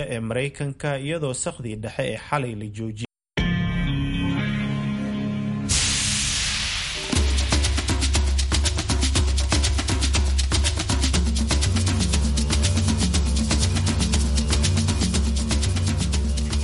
ee Maraykanka iyadoo sakhdii dhexe ee xalay la joojiyey.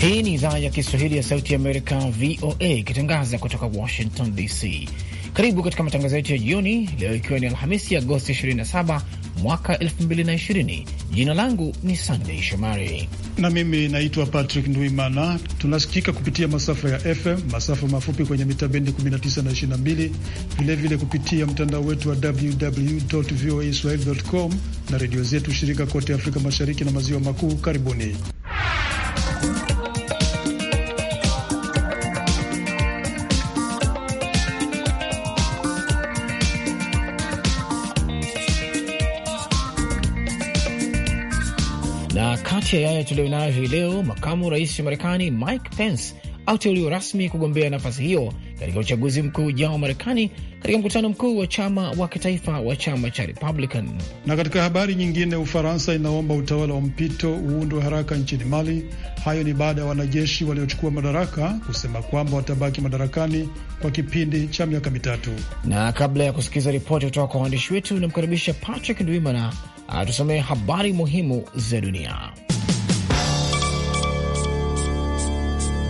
Hii ni idhaa ya Kiswahili ya Sauti ya Amerika, VOA, ikitangaza kutoka Washington DC. Karibu katika matangazo yetu ya jioni leo, ikiwa ni Alhamisi Agosti 27 mwaka 2020. Jina langu ni Sandey Shomari na mimi naitwa Patrick Nduimana. Tunasikika kupitia masafa ya FM, masafa mafupi kwenye mitabendi 19 na 22, vilevile kupitia mtandao wetu wa www voa swahili com na redio zetu shirika kote Afrika Mashariki na Maziwa Makuu. Karibuni. Na kati ya tulio nayo hii leo, makamu rais wa Marekani Mike Pence auteuliwa rasmi kugombea nafasi hiyo katika uchaguzi mkuu ujao wa Marekani katika mkutano mkuu wa chama wa kitaifa wa chama cha Republican. Na katika habari nyingine, Ufaransa inaomba utawala wa mpito uundwe haraka nchini Mali. Hayo ni baada ya wanajeshi waliochukua madaraka kusema kwamba watabaki madarakani kwa kipindi cha miaka mitatu. Na kabla ya kusikiza ripoti kutoka kwa waandishi wetu, namkaribisha Patrick Ndwimana atusomee ah, habari muhimu za dunia.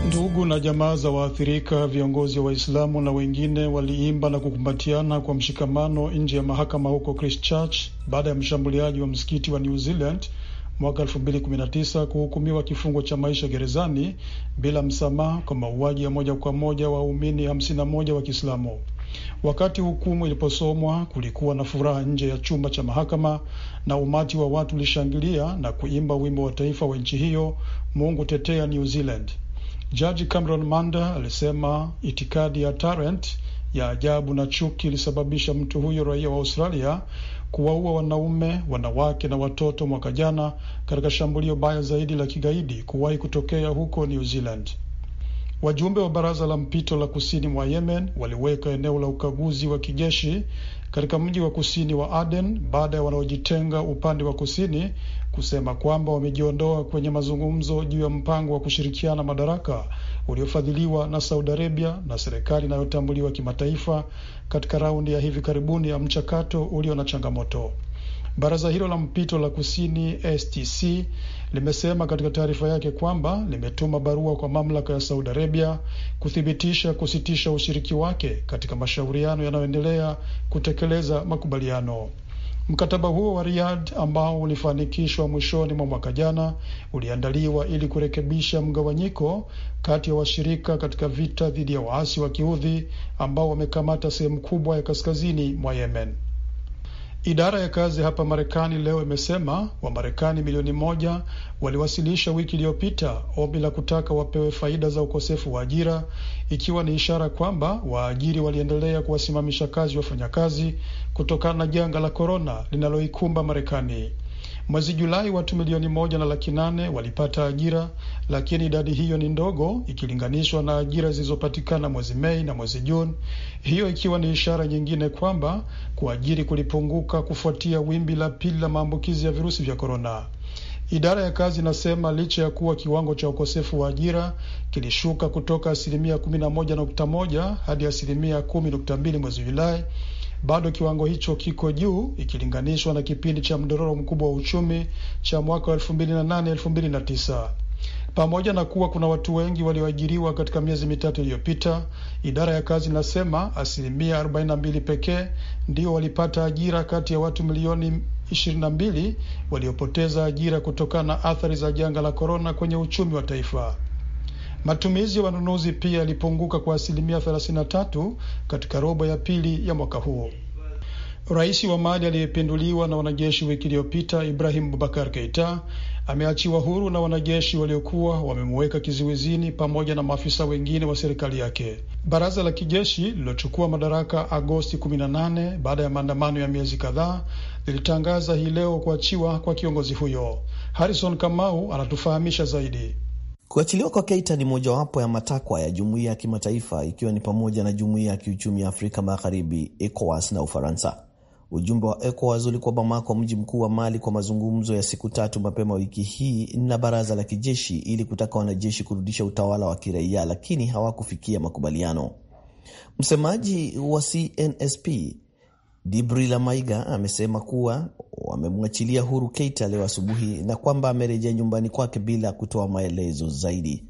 Ndugu na jamaa za waathirika, viongozi wa Waislamu na wengine waliimba na kukumbatiana kwa mshikamano nje ya mahakama huko Christchurch baada ya mshambuliaji wa msikiti wa New Zealand mwaka 2019 kuhukumiwa kifungo cha maisha gerezani bila msamaha kwa mauaji ya moja kwa moja waumini 51 wa Kiislamu. Wakati hukumu iliposomwa, kulikuwa na furaha nje ya chumba cha mahakama na umati wa watu ulishangilia na kuimba wimbo wa taifa wa nchi hiyo, Mungu tetea New Zealand. Jaji Cameron Manda alisema itikadi ya Tarrant ya ajabu na chuki ilisababisha mtu huyo raia wa Australia kuwaua wanaume, wanawake na watoto mwaka jana katika shambulio baya zaidi la kigaidi kuwahi kutokea huko New Zealand. Wajumbe wa baraza la mpito la kusini mwa Yemen waliweka eneo la ukaguzi wa kijeshi katika mji wa kusini wa Aden baada ya wanaojitenga upande wa kusini kusema kwamba wamejiondoa kwenye mazungumzo juu ya mpango wa kushirikiana madaraka uliofadhiliwa na Saudi Arabia na serikali inayotambuliwa kimataifa katika raundi ya hivi karibuni ya mchakato ulio na changamoto. Baraza hilo la mpito la kusini STC limesema katika taarifa yake kwamba limetuma barua kwa mamlaka ya Saudi Arabia kuthibitisha kusitisha ushiriki wake katika mashauriano yanayoendelea kutekeleza makubaliano. Mkataba huo wa Riyadh ambao ulifanikishwa mwishoni mwa mwaka jana uliandaliwa ili kurekebisha mgawanyiko kati ya washirika katika vita dhidi ya waasi wa kiudhi ambao wamekamata sehemu kubwa ya kaskazini mwa Yemen. Idara ya kazi hapa Marekani leo imesema Wamarekani milioni moja waliwasilisha wiki iliyopita ombi la kutaka wapewe faida za ukosefu wa ajira, ikiwa ni ishara kwamba waajiri waliendelea kuwasimamisha kazi wafanyakazi kutokana na janga la korona linaloikumba Marekani. Mwezi Julai watu milioni moja na laki nane walipata ajira, lakini idadi hiyo ni ndogo ikilinganishwa na ajira zilizopatikana mwezi Mei na mwezi Juni, hiyo ikiwa ni ishara nyingine kwamba kuajiri kulipunguka kufuatia wimbi la pili la maambukizi ya virusi vya korona. Idara ya kazi inasema licha ya kuwa kiwango cha ukosefu wa ajira kilishuka kutoka asilimia 11.1 hadi asilimia 10.2 mwezi Julai, bado kiwango hicho kiko juu ikilinganishwa na kipindi cha mdororo mkubwa wa uchumi cha mwaka wa 2008-2009. Pamoja na kuwa kuna watu wengi walioajiriwa katika miezi mitatu iliyopita, idara ya kazi inasema asilimia 42 pekee ndio walipata ajira kati ya watu milioni 22 waliopoteza ajira kutokana na athari za janga la korona kwenye uchumi wa taifa. Matumizi ya wanunuzi pia yalipunguka kwa asilimia 33 katika robo ya pili ya mwaka huo. Rais wa Mali aliyepinduliwa na wanajeshi wiki iliyopita Ibrahim Bubakar Keita ameachiwa huru na wanajeshi waliokuwa wamemuweka kizuizini pamoja na maafisa wengine wa serikali yake. Baraza la kijeshi lililochukua madaraka Agosti 18 baada ya maandamano ya miezi kadhaa lilitangaza hii leo kuachiwa kwa kiongozi huyo. Harrison Kamau anatufahamisha zaidi. Kuachiliwa kwa Keita ni mojawapo ya matakwa ya jumuiya ya kimataifa ikiwa ni pamoja na jumuiya ya kiuchumi ya Afrika Magharibi, ECOWAS na Ufaransa. Ujumbe wa ECOWAS ulikuwa Bamako, mji mkuu wa Mali, kwa mazungumzo ya siku tatu mapema wiki hii na baraza la kijeshi ili kutaka wanajeshi kurudisha utawala wa kiraia, lakini hawakufikia makubaliano. Msemaji wa CNSP la Maiga amesema kuwa wamemwachilia huru Keita leo asubuhi na kwamba amerejea nyumbani kwake bila kutoa maelezo zaidi.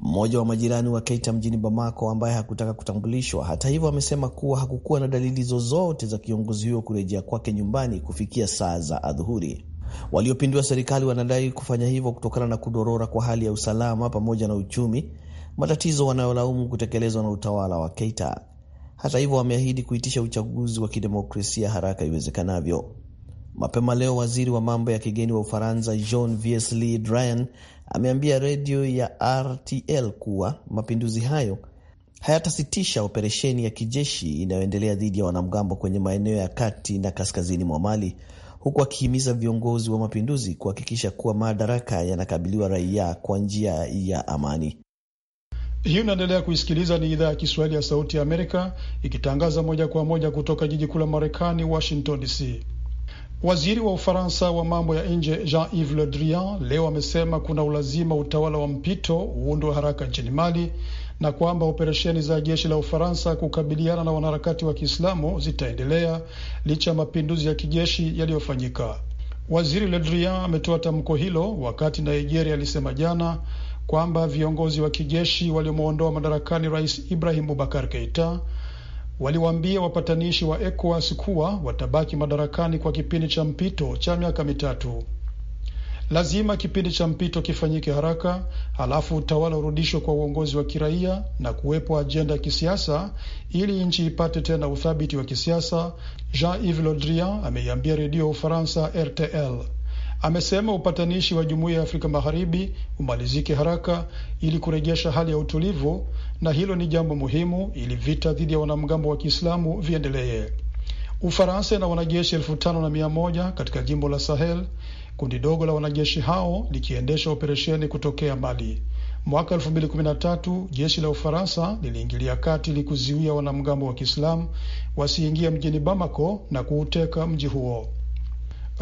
Mmoja wa majirani wa Keita mjini Bamako ambaye hakutaka kutambulishwa, hata hivyo, amesema kuwa hakukuwa na dalili zozote za kiongozi huyo kurejea kwake nyumbani kufikia saa za adhuhuri. Waliopindua serikali wanadai kufanya hivyo kutokana na kudorora kwa hali ya usalama pamoja na uchumi, matatizo wanayolaumu kutekelezwa na utawala wa Keita. Hata hivyo, wameahidi kuitisha uchaguzi wa kidemokrasia haraka iwezekanavyo. Mapema leo waziri wa mambo ya kigeni wa Ufaransa Jean Yves Le Drian ameambia redio ya RTL kuwa mapinduzi hayo hayatasitisha operesheni ya kijeshi inayoendelea dhidi ya wanamgambo kwenye maeneo ya kati na kaskazini mwa Mali, huku akihimiza viongozi wa mapinduzi kuhakikisha kuwa madaraka yanakabiliwa raia kwa njia ya amani. Hii unaendelea kuisikiliza, ni idhaa ya Kiswahili ya Sauti ya Amerika ikitangaza moja kwa moja kutoka jiji kuu la Marekani, Washington DC. Waziri wa Ufaransa wa mambo ya nje Jean-Yves Le Drian leo amesema kuna ulazima utawala wa mpito uundwe haraka nchini Mali na kwamba operesheni za jeshi la Ufaransa kukabiliana na wanaharakati wa Kiislamu zitaendelea licha ya mapinduzi ya kijeshi yaliyofanyika. Waziri Le Drian ametoa tamko hilo wakati Nigeria alisema jana kwamba viongozi wa kijeshi waliomwondoa madarakani Rais Ibrahim Bubakar Keita waliwaambia wapatanishi wa ECOWAS kuwa watabaki madarakani kwa kipindi cha mpito cha miaka mitatu. Lazima kipindi cha mpito kifanyike haraka, halafu utawala urudishwe kwa uongozi wa kiraia na kuwepo ajenda ya kisiasa ili nchi ipate tena uthabiti wa kisiasa, Jean Yves Le ameiambia redio ya Ufaransa RTL amesema upatanishi wa Jumuiya ya Afrika Magharibi umalizike haraka ili kurejesha hali ya utulivu, na hilo ni jambo muhimu ili vita dhidi ya wanamgambo wa Kiislamu viendelee. Ufaransa ina wanajeshi elfu tano na mia moja katika jimbo la Sahel, kundi dogo la wanajeshi hao likiendesha operesheni kutokea Mali. Mwaka 2013 jeshi la Ufaransa liliingilia kati ili kuziwia wanamgambo wa Kiislamu wasiingia mjini Bamako na kuuteka mji huo.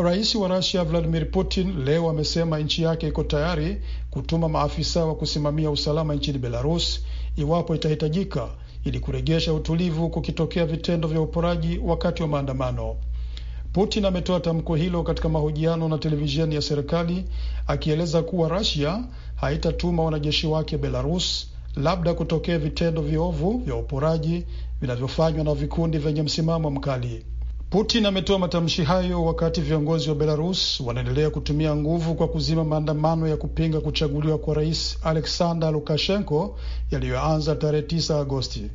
Rais wa Rusia Vladimir Putin leo amesema nchi yake iko tayari kutuma maafisa wa kusimamia usalama nchini Belarus iwapo itahitajika ili kurejesha utulivu kukitokea vitendo vya uporaji wakati wa maandamano. Putin ametoa tamko hilo katika mahojiano na televisheni ya serikali akieleza kuwa Rusia haitatuma wanajeshi wake Belarus labda kutokea vitendo viovu vya uporaji vinavyofanywa na vikundi vyenye msimamo mkali. Putin ametoa matamshi hayo wakati viongozi wa Belarus wanaendelea kutumia nguvu kwa kuzima maandamano ya kupinga kuchaguliwa kwa rais Alexander Lukashenko yaliyoanza tarehe 9 Agosti.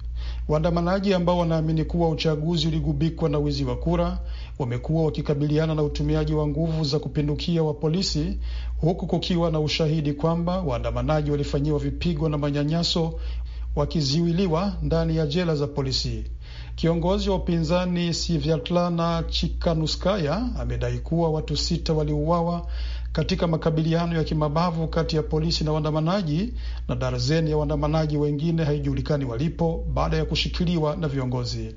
Waandamanaji ambao wanaamini kuwa uchaguzi uligubikwa na wizi wa kura wamekuwa wakikabiliana na utumiaji wa nguvu za kupindukia wa polisi, huku kukiwa na ushahidi kwamba waandamanaji walifanyiwa vipigo na manyanyaso wakiziwiliwa ndani ya jela za polisi. Kiongozi wa upinzani Sviatlana Chikanuskaya amedai kuwa watu sita waliuawa katika makabiliano ya kimabavu kati ya polisi na waandamanaji na darzeni ya waandamanaji wengine haijulikani walipo baada ya kushikiliwa na viongozi.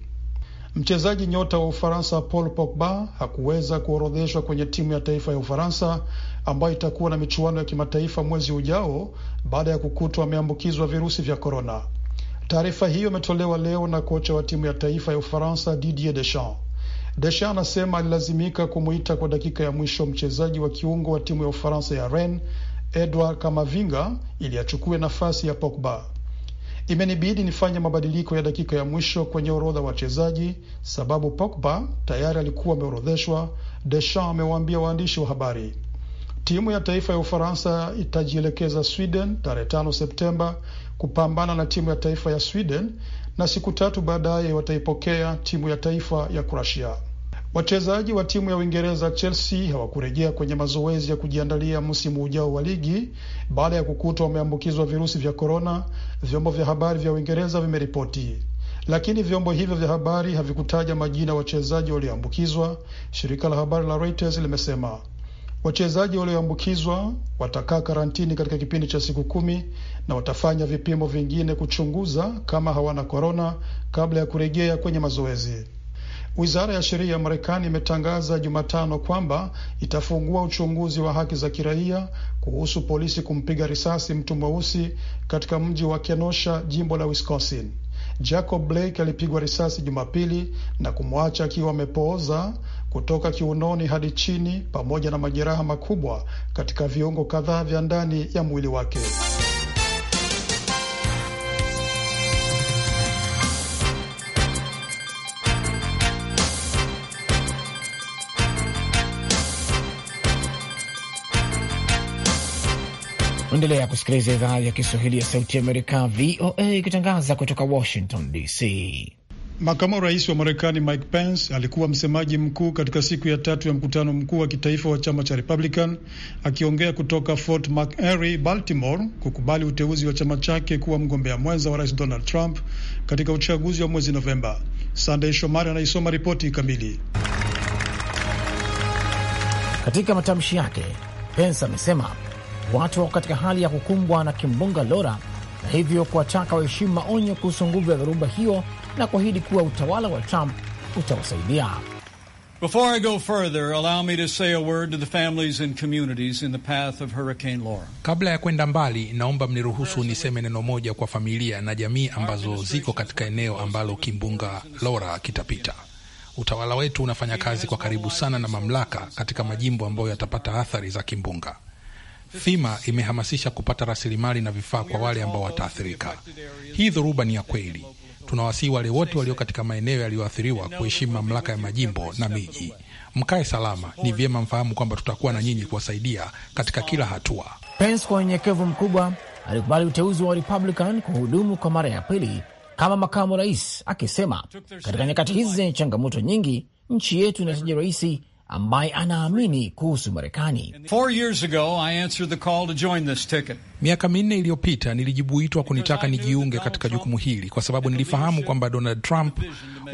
Mchezaji nyota wa Ufaransa Paul Pogba hakuweza kuorodheshwa kwenye timu ya taifa ya Ufaransa ambayo itakuwa na michuano ya kimataifa mwezi ujao baada ya kukutwa ameambukizwa virusi vya korona. Taarifa hiyo imetolewa leo na kocha wa timu ya taifa ya Ufaransa Didier Deschamps. Deschamps anasema alilazimika kumwita kwa dakika ya mwisho mchezaji wa kiungo wa timu ya Ufaransa ya Rennes Edouard Kamavinga ili achukue nafasi ya Pogba. Imenibidi nifanye mabadiliko ya dakika ya mwisho kwenye orodha wachezaji, sababu Pogba tayari alikuwa ameorodheshwa, Deschamps amewaambia waandishi wa habari. Timu ya taifa ya Ufaransa itajielekeza Sweden tarehe 5 Septemba kupambana na timu ya taifa ya Sweden na siku tatu baadaye wataipokea timu ya taifa ya Kroatia. Wachezaji wa timu ya Uingereza Chelsea hawakurejea kwenye mazoezi ya kujiandalia msimu ujao wa ligi baada ya kukutwa wameambukizwa virusi vya korona, vyombo vya habari vya Uingereza vimeripoti. Lakini vyombo hivyo vya habari havikutaja majina ya wachezaji walioambukizwa, shirika la habari la Reuters limesema. Wachezaji walioambukizwa watakaa karantini katika kipindi cha siku kumi na watafanya vipimo vingine kuchunguza kama hawana korona kabla ya kurejea kwenye mazoezi. Wizara ya sheria ya Marekani imetangaza Jumatano kwamba itafungua uchunguzi wa haki za kiraia kuhusu polisi kumpiga risasi mtu mweusi katika mji wa Kenosha, jimbo la Wisconsin. Jacob Blake alipigwa risasi Jumapili na kumwacha akiwa amepooza kutoka kiunoni hadi chini pamoja na majeraha makubwa katika viungo kadhaa vya ndani ya mwili wake. Endelea kusikiliza idhaa ya Kiswahili ya Sauti ya Amerika, VOA, ikitangaza kutoka Washington DC. Makamu rais wa Marekani Mike Pence alikuwa msemaji mkuu katika siku ya tatu ya mkutano mkuu wa kitaifa wa chama cha Republican akiongea kutoka Fort McHenry, Baltimore, kukubali uteuzi wa chama chake kuwa mgombea mwenza wa rais Donald Trump katika uchaguzi wa mwezi Novemba. Sandey Shomari anaisoma ripoti kamili. Katika matamshi yake, Pence amesema watu wako katika hali ya kukumbwa na kimbunga Laura na hivyo kuwataka waheshimu maonyo kuhusu nguvu ya dhoruba hiyo na kuahidi kuwa utawala wa Trump utawasaidia. Before I go further, allow me to say a word to the families and communities in the path of Hurricane Laura. Kabla ya kwenda mbali, naomba mniruhusu niseme neno moja kwa familia na jamii ambazo ziko katika eneo ambalo kimbunga Laura kitapita. Utawala wetu unafanya kazi kwa karibu sana na mamlaka katika majimbo ambayo yatapata athari za kimbunga. FEMA imehamasisha kupata rasilimali na vifaa kwa wale ambao wataathirika. Hii dhoruba ni ya kweli Tunawasihi wale wote walio katika maeneo yaliyoathiriwa kuheshimu mamlaka ya majimbo na miji. Mkae salama. Ni vyema mfahamu kwamba tutakuwa na nyinyi kuwasaidia katika kila hatua. Pence kwa unyenyekevu mkubwa alikubali uteuzi wa Republican kuhudumu kwa mara ya pili kama makamu rais, akisema katika nyakati hizi zenye changamoto nyingi, nchi yetu inahitaji rais ambaye anaamini kuhusu Marekani. Miaka minne iliyopita nilijibu kunitaka nijiunge katika jukumu hili kwa sababu nilifahamu kwamba Donald Trump,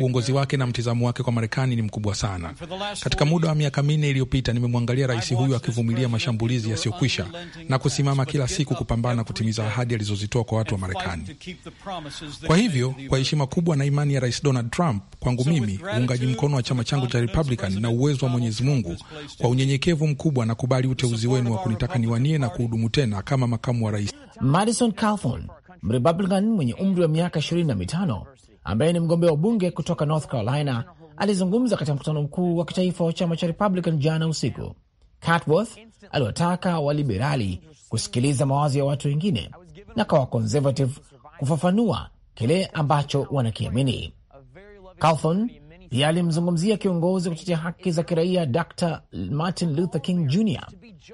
uongozi wake na mtizamo wake kwa Marekani ni mkubwa sana. Katika muda wa miaka minne iliyopita nimemwangalia rais huyu akivumilia mashambulizi yasiyokwisha na kusimama kila siku kupambana kutimiza ahadi alizozitoa kwa watu wa Marekani. Kwa hivyo, kwa heshima kubwa na imani ya Rais Donald Trump, kwangu mimi uungaji mkono wa chama changu cha Republican na uwezo wa Mwenyezi Mungu, kwa unyenyekevu mkubwa nakubali uteuzi wenu wa kunitaka niwanie na kuhudumu tena kama makamu makamu wa rais. Madison Calthorn, Mrepublican mwenye umri wa miaka 25 ambaye ni mgombea wa bunge kutoka North Carolina alizungumza katika mkutano mkuu wa kitaifa wa chama cha Republican jana usiku. Catworth aliwataka waliberali kusikiliza mawazo ya watu wengine na kwa wakonservative kufafanua kile ambacho wanakiamini. Calthorn pia alimzungumzia kiongozi wa kutetea haki za kiraia Dr Martin Luther King Jr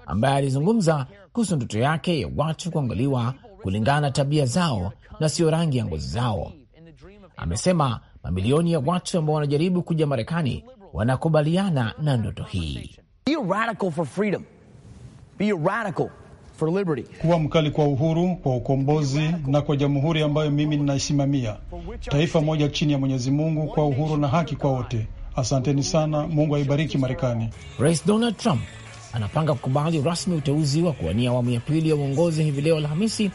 ambaye alizungumza kuhusu ndoto yake ya watu kuangaliwa kulingana na tabia zao na siyo rangi ya ngozi zao. Amesema mamilioni ya watu ambao wanajaribu kuja Marekani wanakubaliana na ndoto hii. Be for liberty, kuwa mkali kwa uhuru, kwa ukombozi na kwa jamhuri ambayo mimi ninaisimamia, taifa moja chini ya Mwenyezi Mungu, kwa uhuru na haki kwa wote. Asanteni sana, Mungu aibariki Marekani. Rais Donald Trump anapanga kukubali rasmi uteuzi wa kuwania awamu ya pili ya uongozi hivi leo Alhamisi,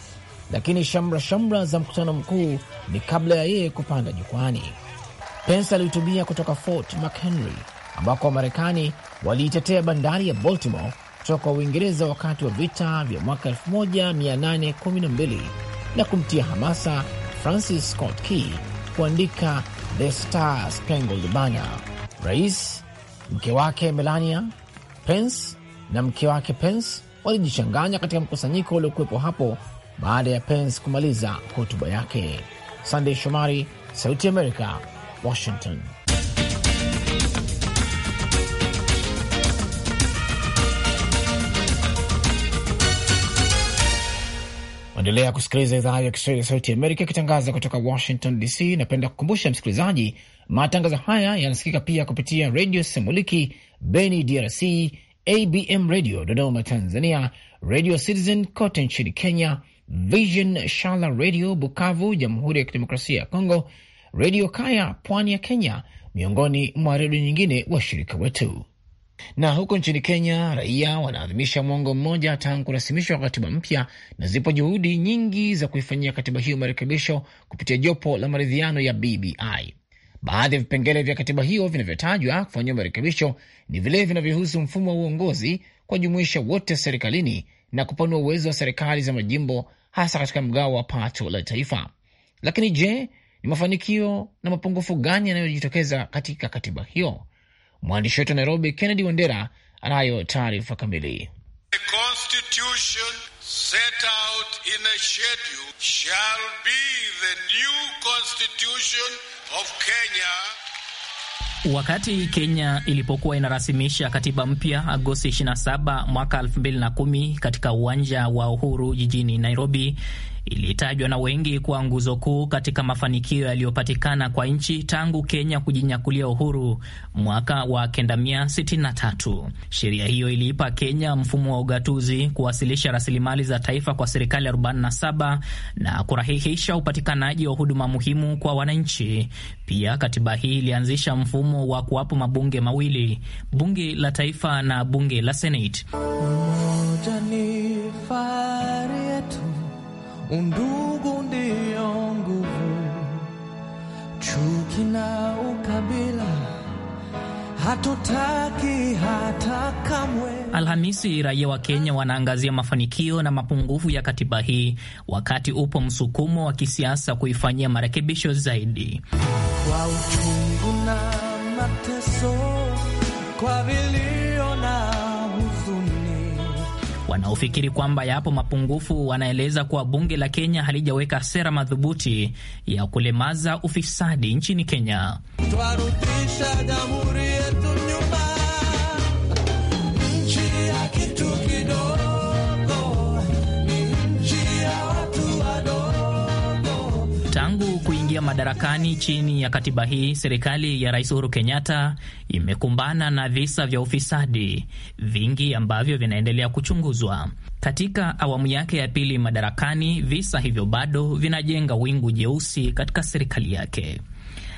lakini shamra shamra za mkutano mkuu ni kabla ya yeye kupanda jukwani. Pence alihutubia kutoka Fort McHenry ambako Wamarekani waliitetea bandari ya Baltimore kutoka Uingereza wakati wa vita vya mwaka 1812 na kumtia hamasa Francis Scott Key kuandika The Star Spangled Banner. Rais, mke wake Melania Pence na mke wake Pence walijichanganya katika mkusanyiko uliokuwepo hapo baada ya Pence kumaliza hotuba yake. Sandey Shomari, Sauti Amerika, Washington. Endelea kusikiliza idhaa ya Kiswahili ya Sauti Amerika ikitangaza kutoka Washington DC. Napenda kukumbusha msikilizaji, matangazo haya yanasikika pia kupitia Redio Semuliki Beni DRC, ABM Radio Dodoma Tanzania, Radio Citizen kote nchini Kenya, Vision Shala Radio Bukavu, Jamhuri ya Kidemokrasia ya Kongo, Redio Kaya pwani ya Kenya, miongoni mwa redio nyingine washirika wetu. Na huko nchini Kenya, raia wanaadhimisha mwongo mmoja tangu kurasimishwa kwa katiba mpya, na zipo juhudi nyingi za kuifanyia katiba hiyo marekebisho kupitia jopo la maridhiano ya BBI. Baadhi ya vipengele vya katiba hiyo vinavyotajwa kufanyiwa marekebisho ni vile vinavyohusu mfumo wa uongozi, kuwajumuisha wote serikalini na kupanua uwezo wa serikali za majimbo, hasa katika mgao wa pato la taifa. Lakini je, ni mafanikio na mapungufu gani yanayojitokeza katika katiba hiyo? Mwandishi wetu wa Nairobi, Kennedy Wandera, anayo taarifa kamili. Wakati Kenya ilipokuwa inarasimisha katiba mpya Agosti 27 mwaka 2010 katika uwanja wa Uhuru jijini Nairobi, ilitajwa na wengi kuwa nguzo kuu katika mafanikio yaliyopatikana kwa nchi tangu Kenya kujinyakulia uhuru mwaka wa 1963. Sheria hiyo iliipa Kenya mfumo wa ugatuzi, kuwasilisha rasilimali za taifa kwa serikali 47 na kurahihisha upatikanaji wa huduma muhimu kwa wananchi. Pia katiba hii ilianzisha mfumo wa kuwapo mabunge mawili, bunge la taifa na bunge la seneti. Undugu ndiyo nguvu, chuki na ukabila hatutaki hata kamwe. Alhamisi, raia wa Kenya wanaangazia mafanikio na mapungufu ya katiba hii, wakati upo msukumo wa kisiasa kuifanyia marekebisho zaidi. Kwa uchungu na mateso, kwa vilio Wanaofikiri kwamba yapo mapungufu wanaeleza kuwa bunge la Kenya halijaweka sera madhubuti ya kulemaza ufisadi nchini Kenya. Twarudisha jamhuri yetu nyuma, nchi ya madarakani chini ya katiba hii, serikali ya Rais Uhuru Kenyatta imekumbana na visa vya ufisadi vingi ambavyo vinaendelea kuchunguzwa. Katika awamu yake ya pili madarakani, visa hivyo bado vinajenga wingu jeusi katika serikali yake.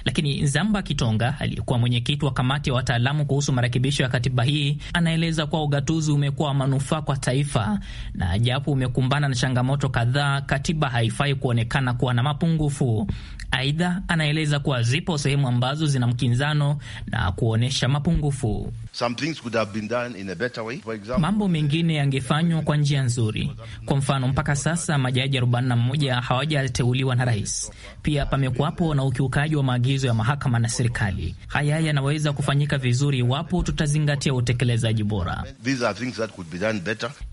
Lakini Zamba Kitonga, aliyekuwa mwenyekiti wa kamati ya wa wataalamu kuhusu marekebisho ya katiba hii, anaeleza kuwa ugatuzi umekuwa wa manufaa kwa taifa, na japo umekumbana na changamoto kadhaa, katiba haifai kuonekana kuwa na mapungufu, Aidha, anaeleza kuwa zipo sehemu ambazo zina mkinzano na kuonyesha mapungufu. Mambo mengine yangefanywa kwa njia nzuri. Kwa mfano, mpaka sasa majaji 41 hawajateuliwa na rais. Pia pamekuwapo na ukiukaji wa maagizo ya mahakama na serikali. Haya yanaweza kufanyika vizuri iwapo tutazingatia utekelezaji bora.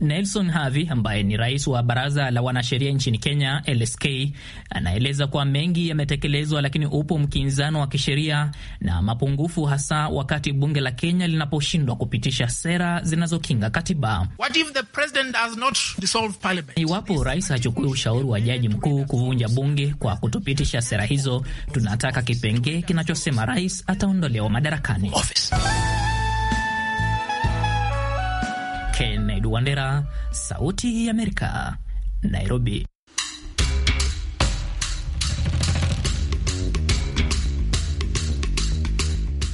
Nelson Havi ambaye ni rais wa baraza la wanasheria nchini Kenya, LSK, anaeleza kuwa mengi yame umetekelezwa, lakini upo mkinzano wa kisheria na mapungufu, hasa wakati bunge la Kenya linaposhindwa kupitisha sera zinazokinga katiba. What if the president does not dissolve parliament? Iwapo rais hachukui ushauri wa jaji mkuu kuvunja bunge kwa kutopitisha sera hizo, tunataka kipengee kinachosema rais ataondolewa madarakani Kennedy Wandera, Sauti ya Amerika, Nairobi.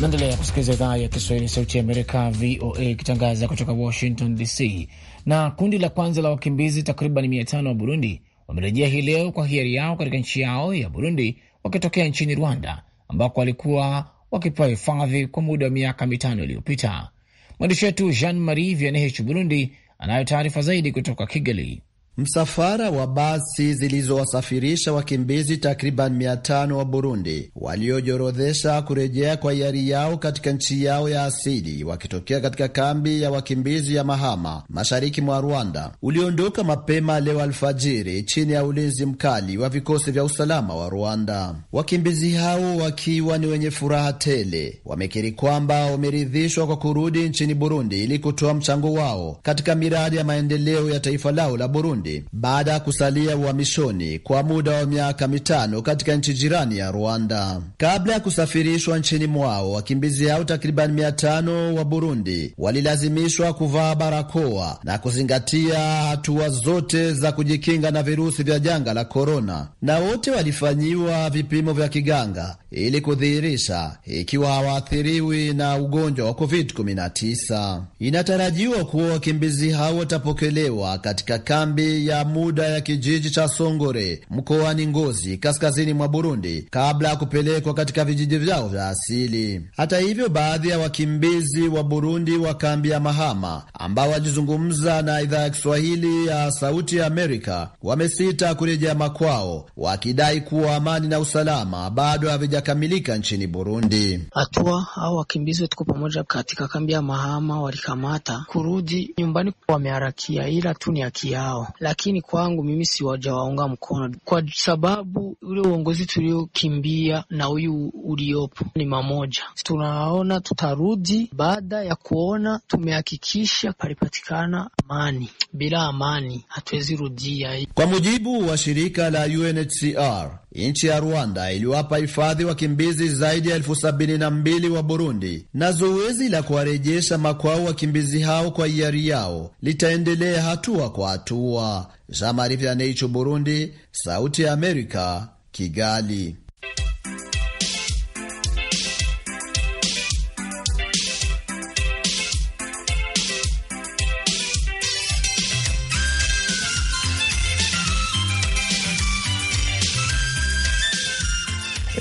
Naendelea kusikiliza idhaa ya Kiswahili ya Sauti ya Amerika, VOA, ikitangaza kutoka Washington DC. Na kundi la kwanza la wakimbizi takriban mia tano wa Burundi wamerejea hii leo kwa hiari yao katika nchi yao ya Burundi wakitokea nchini Rwanda, ambako walikuwa wakipewa hifadhi kwa muda wa miaka mitano iliyopita. Mwandishi wetu Jean Marie Vianehichu Burundi anayo taarifa zaidi kutoka Kigali. Msafara wa basi zilizowasafirisha wakimbizi takriban mia tano wa Burundi waliojiorodhesha kurejea kwa hiari yao katika nchi yao ya asili wakitokea katika kambi ya wakimbizi ya Mahama mashariki mwa Rwanda uliondoka mapema leo alfajiri chini ya ulinzi mkali wa vikosi vya usalama wa Rwanda. Wakimbizi hao wakiwa ni wenye furaha tele, wamekiri kwamba wameridhishwa kwa kurudi nchini Burundi ili kutoa mchango wao katika miradi ya maendeleo ya taifa lao la Burundi Burundi baada ya kusalia uhamishoni kwa muda wa miaka mitano katika nchi jirani ya Rwanda kabla ya kusafirishwa nchini mwao. Wakimbizi hao takriban mia tano wa Burundi walilazimishwa kuvaa barakoa na kuzingatia hatua zote za kujikinga na virusi vya janga la korona, na wote walifanyiwa vipimo vya kiganga ili kudhihirisha ikiwa hawaathiriwi na ugonjwa wa COVID-19. Inatarajiwa kuwa wakimbizi hao watapokelewa katika kambi ya muda ya kijiji cha Songore mkoani Ngozi, kaskazini mwa Burundi, kabla ya kupelekwa katika vijiji vyao vya asili. Hata hivyo, baadhi ya wakimbizi wa Burundi wa kambi ya Mahama ambao walizungumza na idhaa ya Kiswahili ya Sauti ya Amerika wamesita kurejea makwao, wakidai kuwa amani na usalama bado havija haujakamilika nchini Burundi. Hatua au wakimbizi wetu pamoja katika kambi ya Mahama walikamata kurudi nyumbani, wameharakia, ila tu ni haki yao, lakini kwangu mimi siwajawaunga mkono kwa sababu ule uongozi tuliokimbia na huyu uliopo ni mamoja. Tunaona tutarudi baada ya kuona tumehakikisha palipatikana amani. Bila amani hatuwezi rudia. Kwa mujibu wa shirika la UNHCR, nchi ya Rwanda iliwapa hifadhi wakimbizi zaidi ya elfu sabini na mbili wa Burundi, na zoezi la kuwarejesha makwao wakimbizi hao kwa hiari yao litaendelea hatua kwa hatua. Jean Marie Vianney, Burundi, Sauti ya Amerika, Kigali.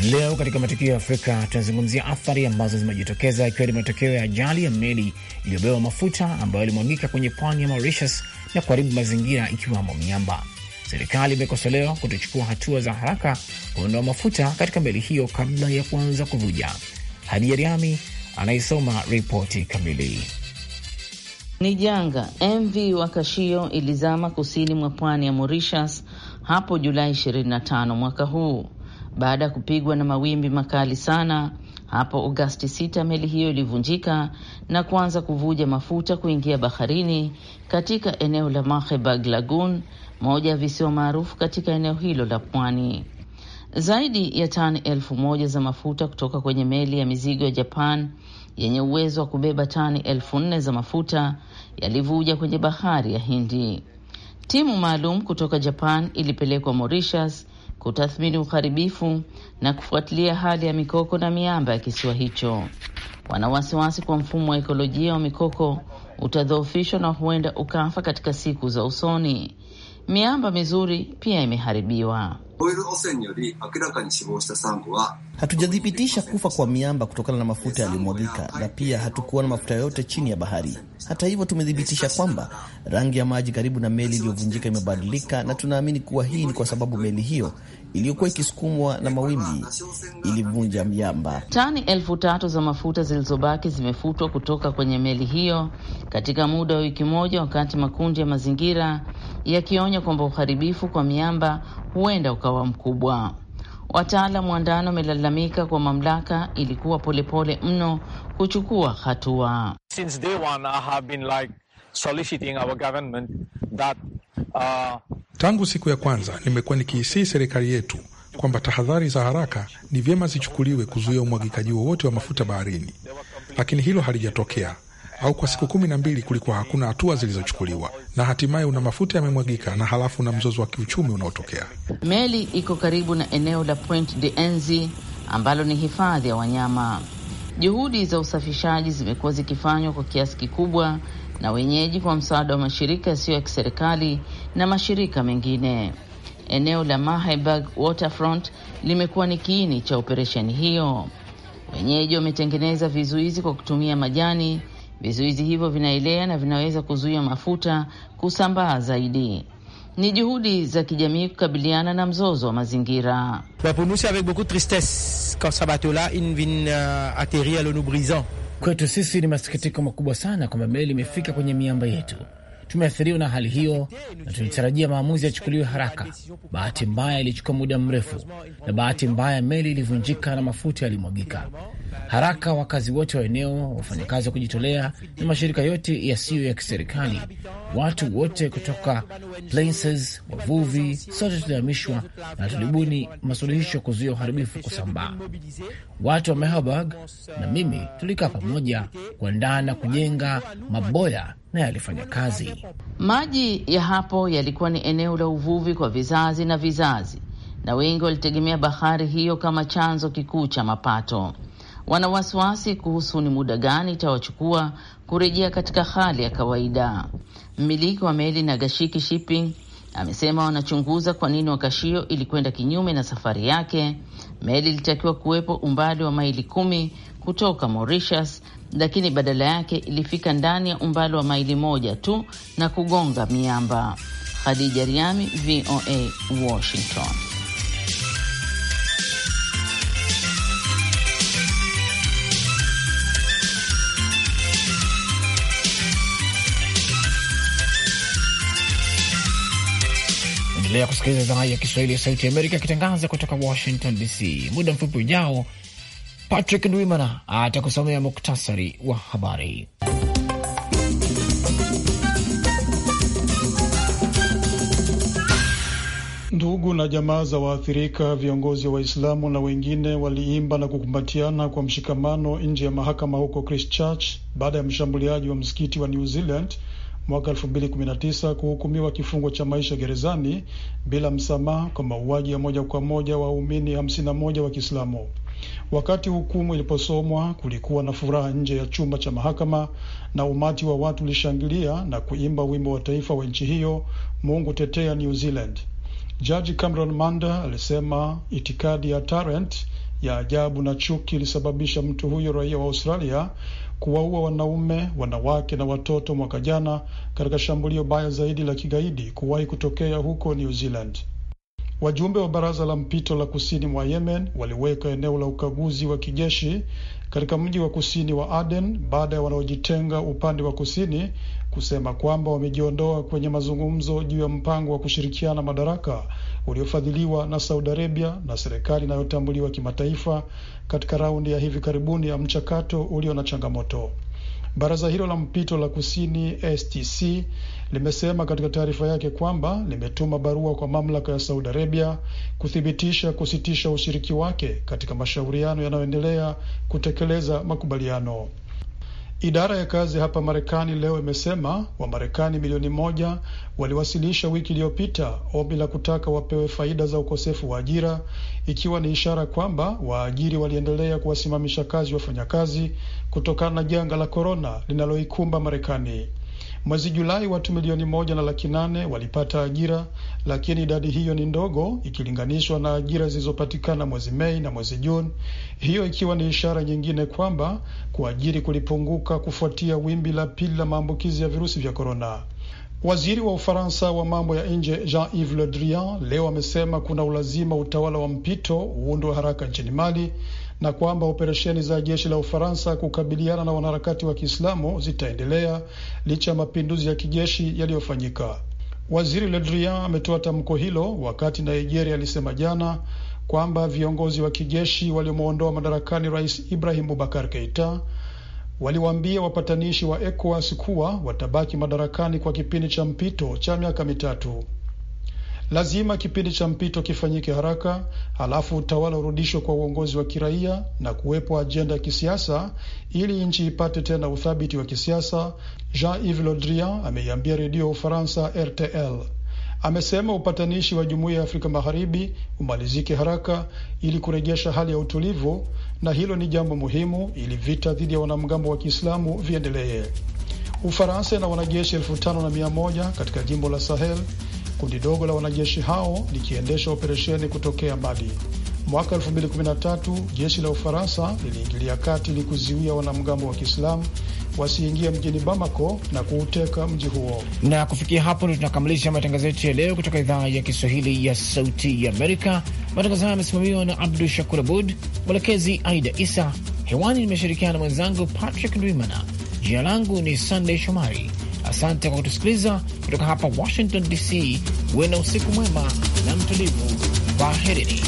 Leo katika matukio ya Afrika tunazungumzia athari ambazo zimejitokeza ikiwa ni matokeo ya ajali ya meli iliyobeba mafuta ambayo ilimwagika kwenye pwani ya Mauritius na kuharibu mazingira ikiwamo miamba. Serikali imekosolewa kutochukua hatua za haraka kuondoa mafuta katika meli hiyo kabla ya kuanza kuvuja. Hadi riami anaisoma ripoti kamili. Ni janga MV Wakashio ilizama kusini mwa pwani ya Mauritius hapo Julai 25 mwaka huu baada ya kupigwa na mawimbi makali sana. Hapo Agosti 6 meli hiyo ilivunjika na kuanza kuvuja mafuta kuingia baharini katika eneo la Maghreb Lagoon, moja ya visiwa maarufu katika eneo hilo la pwani. Zaidi ya tani elfu moja za mafuta kutoka kwenye meli ya mizigo ya Japan yenye uwezo wa kubeba tani elfu nne za mafuta yalivuja kwenye bahari ya Hindi. Timu maalum kutoka Japan ilipelekwa Mauritius kutathmini uharibifu na kufuatilia hali ya mikoko na miamba ya kisiwa hicho. Wana wasiwasi kwa mfumo wa ekolojia wa mikoko utadhoofishwa na huenda ukafa katika siku za usoni miamba mizuri pia imeharibiwa. Hatujathibitisha kufa kwa miamba kutokana na mafuta yaliyomwagika, na pia na mafuta yoyote chini ya bahari. Hata hivyo, tumethibitisha kwamba rangi ya maji karibu na meli iliyovunjika imebadilika, na tunaamini kuwa hii ni kwa sababu meli hiyo iliyokuwa ikisukumwa na mawimbi ilivunja miamba. Tani elfu tatu za mafuta zilizobaki zimefutwa kutoka kwenye meli hiyo katika muda wa wiki moja, wakati makundi ya mazingira yakionya kwamba uharibifu kwa miamba huenda ukawa mkubwa. Wataalam wa ndani wamelalamika kwa mamlaka ilikuwa polepole pole mno kuchukua hatua. Since day one, I have been like soliciting our government that, uh... tangu siku ya kwanza nimekuwa nikihisii serikali yetu kwamba tahadhari za haraka ni vyema zichukuliwe kuzuia umwagikaji wowote wa mafuta baharini, lakini hilo halijatokea au kwa siku kumi na mbili kulikuwa hakuna hatua zilizochukuliwa, na hatimaye una mafuta yamemwagika, na halafu na mzozo wa kiuchumi unaotokea. Meli iko karibu na eneo la Point de Enzi ambalo ni hifadhi ya wanyama. Juhudi za usafishaji zimekuwa zikifanywa kwa kiasi kikubwa na wenyeji kwa msaada wa mashirika yasiyo ya kiserikali na mashirika mengine. Eneo la Mahiberg Waterfront limekuwa ni kiini cha operesheni hiyo. Wenyeji wametengeneza vizuizi kwa kutumia majani Vizuizi hivyo vinaelea na vinaweza kuzuia mafuta kusambaa zaidi. Ni juhudi za kijamii kukabiliana na mzozo wa mazingira. Euh, Kwetu sisi ni masikitiko makubwa sana kwamba meli imefika kwenye miamba yetu tumeathiriwa na hali hiyo na tulitarajia maamuzi yachukuliwe haraka. Bahati mbaya ilichukua muda mrefu, na bahati mbaya meli ilivunjika na mafuta yalimwagika. Haraka wakazi wote wa eneo, wafanyakazi wa kujitolea na mashirika yote yasiyo ya kiserikali, watu wote kutoka Places, wavuvi, sote tulihamishwa na tulibuni masuluhisho ya kuzuia uharibifu kusambaa. Watu wa Meherberg na mimi tulikaa pamoja kuandaa na kujenga maboya na yalifanya kazi. Maji ya hapo yalikuwa ni eneo la uvuvi kwa vizazi na vizazi, na wengi walitegemea bahari hiyo kama chanzo kikuu cha mapato. Wana wasiwasi kuhusu ni muda gani itawachukua kurejea katika hali ya kawaida. Mmiliki wa meli Nagashiki Shipping amesema wanachunguza kwa nini Wakashio ilikwenda kinyume na safari yake. Meli ilitakiwa kuwepo umbali wa maili kumi kutoka Mauritius lakini badala yake ilifika ndani ya umbali wa maili moja tu na kugonga miamba. Khadija Riami, VOA, Washington. Endelea kusikiliza idhaa ya Kiswahili ya Sauti ya Amerika ikitangaza kutoka Washington DC. Muda mfupi ujao Patrick Ndwimana atakusomea muktasari wa habari. Ndugu na jamaa za waathirika, viongozi wa Waislamu na wengine waliimba na kukumbatiana kwa mshikamano nje ya mahakama huko Christchurch baada ya mshambuliaji wa msikiti wa New Zealand mwaka 2019 kuhukumiwa kifungo cha maisha gerezani bila msamaha kwa mauaji ya moja kwa moja waumini 51 wa Kiislamu. Wakati hukumu iliposomwa, kulikuwa na furaha nje ya chumba cha mahakama na umati wa watu ulishangilia na kuimba wimbo wa taifa wa nchi hiyo, Mungu tetea New Zealand. Jaji Cameron Manda alisema itikadi ya Tarrant ya ajabu na chuki ilisababisha mtu huyo raia wa Australia kuwaua wanaume, wanawake na watoto mwaka jana katika shambulio baya zaidi la kigaidi kuwahi kutokea huko New Zealand. Wajumbe wa baraza la mpito la kusini mwa Yemen waliweka eneo la ukaguzi wa kijeshi katika mji wa kusini wa Aden baada ya wanaojitenga upande wa kusini kusema kwamba wamejiondoa kwenye mazungumzo juu ya mpango wa kushirikiana madaraka uliofadhiliwa na Saudi Arabia na serikali inayotambuliwa kimataifa katika raundi ya hivi karibuni ya mchakato ulio na changamoto. Baraza hilo la mpito la kusini STC limesema katika taarifa yake kwamba limetuma barua kwa mamlaka ya Saudi Arabia kuthibitisha kusitisha ushiriki wake katika mashauriano yanayoendelea kutekeleza makubaliano. Idara ya kazi hapa Marekani leo imesema Wamarekani milioni moja waliwasilisha wiki iliyopita ombi la kutaka wapewe faida za ukosefu wa ajira, ikiwa ni ishara kwamba waajiri waliendelea kuwasimamisha kazi wafanyakazi kutokana na janga la korona linaloikumba Marekani. Mwezi Julai watu milioni moja na laki nane walipata ajira, lakini idadi hiyo ni ndogo ikilinganishwa na ajira zilizopatikana mwezi Mei na mwezi Juni, hiyo ikiwa ni ishara nyingine kwamba kuajiri kulipunguka kufuatia wimbi la pili la maambukizi ya virusi vya korona. Waziri wa Ufaransa wa mambo ya nje Jean-Yves Le Drian leo amesema kuna ulazima utawala wa mpito uundwe haraka nchini Mali na kwamba operesheni za jeshi la Ufaransa kukabiliana na wanaharakati wa Kiislamu zitaendelea licha ya mapinduzi ya kijeshi yaliyofanyika. Waziri Le Drian ametoa tamko hilo wakati Nigeria alisema jana kwamba viongozi wa kijeshi waliomwondoa madarakani Rais Ibrahim Bubakar Keita waliwaambia wapatanishi wa ECOWAS kuwa watabaki madarakani kwa kipindi cha mpito cha miaka mitatu. Lazima kipindi cha mpito kifanyike haraka, halafu utawala urudishwe kwa uongozi wa kiraia na kuwepo ajenda ya kisiasa ili nchi ipate tena uthabiti wa kisiasa, Jean Yves Le Drian ameiambia redio ya Ufaransa RTL amesema upatanishi wa Jumuiya ya Afrika Magharibi umalizike haraka ili kurejesha hali ya utulivu, na hilo ni jambo muhimu ili vita dhidi ya wanamgambo wa Kiislamu viendelee. Ufaransa ina wanajeshi elfu tano na mia moja katika jimbo la Sahel, kundi dogo la wanajeshi hao likiendesha operesheni kutokea Mali. Mwaka 2013 jeshi la Ufaransa liliingilia kati ili kuziwia wanamgambo wa Kiislamu wasiingie mjini Bamako na kuuteka mji huo. Na kufikia hapo ndio tunakamilisha matangazo yetu ya leo kutoka idhaa ya Kiswahili ya Sauti ya Amerika. Matangazo haya yamesimamiwa na Abdu Shakur Abud, mwelekezi Aida Isa. Hewani nimeshirikiana na mwenzangu Patrick Ndwimana. Jina langu ni Sandey Shomari. Asante kwa kutusikiliza kutoka hapa Washington DC. Uwe na usiku mwema na mtulivu. Kwaherini.